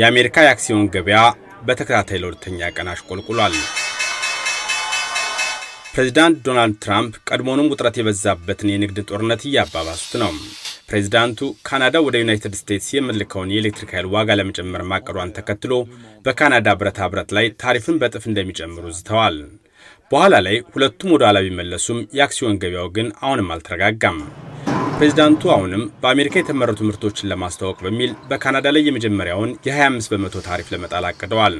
የአሜሪካ የአክሲዮን ገበያ በተከታታይ ለሁለተኛ ቀን አሽቆልቁሏል። ፕሬዚዳንት ዶናልድ ትራምፕ ቀድሞውንም ውጥረት የበዛበትን የንግድ ጦርነት እያባባሱት ነው። ፕሬዚዳንቱ ካናዳ ወደ ዩናይትድ ስቴትስ የምልከውን የኤሌክትሪክ ኃይል ዋጋ ለመጨመር ማቀዷን ተከትሎ በካናዳ ብረታ ብረት ላይ ታሪፍን በጥፍ እንደሚጨምሩ ዝተዋል። በኋላ ላይ ሁለቱም ወደ ኋላ ቢመለሱም የአክሲዮን ገበያው ግን አሁንም አልተረጋጋም። ፕሬዚዳንቱ አሁንም በአሜሪካ የተመረቱ ምርቶችን ለማስተዋወቅ በሚል በካናዳ ላይ የመጀመሪያውን የ25 በመቶ ታሪፍ ለመጣል አቅደዋል።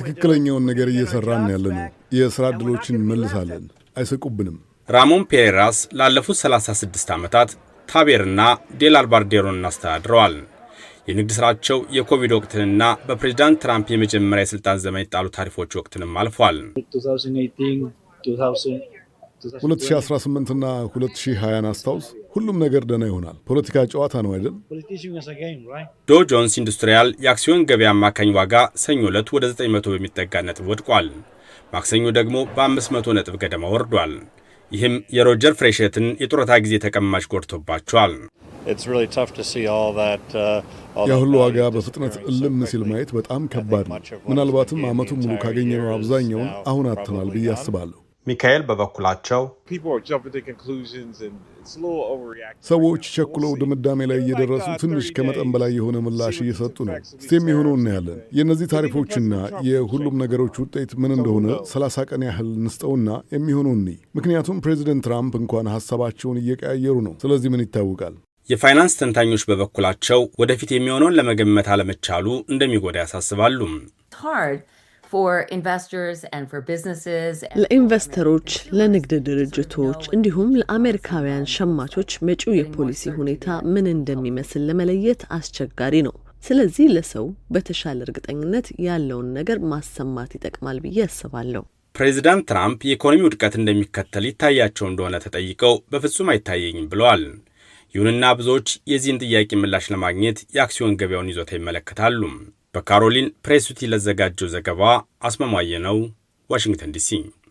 ትክክለኛውን ነገር እየሰራን ያለ ነው። የስራ ዕድሎችን እንመልሳለን፣ አይሰቁብንም። ራሞን ፔሬራስ ላለፉት 36 ዓመታት ታቤርና ዴል አልባርዴሮን አስተዳድረዋል። የንግድ ስራቸው የኮቪድ ወቅትንና በፕሬዚዳንት ትራምፕ የመጀመሪያ የሥልጣን ዘመን የጣሉ ታሪፎች ወቅትንም አልፏል። 2018ና 2020 አስታውስ። ሁሉም ነገር ደህና ይሆናል። ፖለቲካ ጨዋታ ነው አይደል? ዶ ጆንስ ኢንዱስትሪያል የአክሲዮን ገበያ አማካኝ ዋጋ ሰኞ ዕለት ወደ 900 በሚጠጋ ነጥብ ወድቋል። ማክሰኞ ደግሞ በ500 ነጥብ ገደማ ወርዷል። ይህም የሮጀር ፍሬሸትን የጡረታ ጊዜ ተቀማጭ ጎድቶባቸዋል። uh, ያ ሁሉ ዋጋ በፍጥነት እልም ሲል ማየት በጣም ከባድ ነው። ምናልባትም ዓመቱ ሙሉ ካገኘነው አብዛኛውን አሁን አጥተናል ብዬ አስባለሁ። ሚካኤል በበኩላቸው ሰዎች ቸኩለው ድምዳሜ ላይ እየደረሱ ትንሽ ከመጠን በላይ የሆነ ምላሽ እየሰጡ ነው። እስቲ የሚሆነው እናያለን። የእነዚህ ታሪፎችና የሁሉም ነገሮች ውጤት ምን እንደሆነ ሰላሳ ቀን ያህል እንስጠውና የሚሆነው እኒ ምክንያቱም ፕሬዚደንት ትራምፕ እንኳን ሀሳባቸውን እየቀያየሩ ነው። ስለዚህ ምን ይታወቃል? የፋይናንስ ተንታኞች በበኩላቸው ወደፊት የሚሆነውን ለመገመት አለመቻሉ እንደሚጎዳ ያሳስባሉ። ለኢንቨስተሮች፣ ለንግድ ድርጅቶች እንዲሁም ለአሜሪካውያን ሸማቾች መጪው የፖሊሲ ሁኔታ ምን እንደሚመስል ለመለየት አስቸጋሪ ነው። ስለዚህ ለሰው በተሻለ እርግጠኝነት ያለውን ነገር ማሰማት ይጠቅማል ብዬ አስባለሁ። ፕሬዚዳንት ትራምፕ የኢኮኖሚ ውድቀት እንደሚከተል ይታያቸው እንደሆነ ተጠይቀው በፍጹም አይታየኝም ብለዋል። ይሁንና ብዙዎች የዚህን ጥያቄ ምላሽ ለማግኘት የአክሲዮን ገበያውን ይዞታ ይመለከታሉ። በካሮሊን ፕሬሱቲ ለዘጋጀው ዘገባ አስማማየ ነው፣ ዋሽንግተን ዲሲ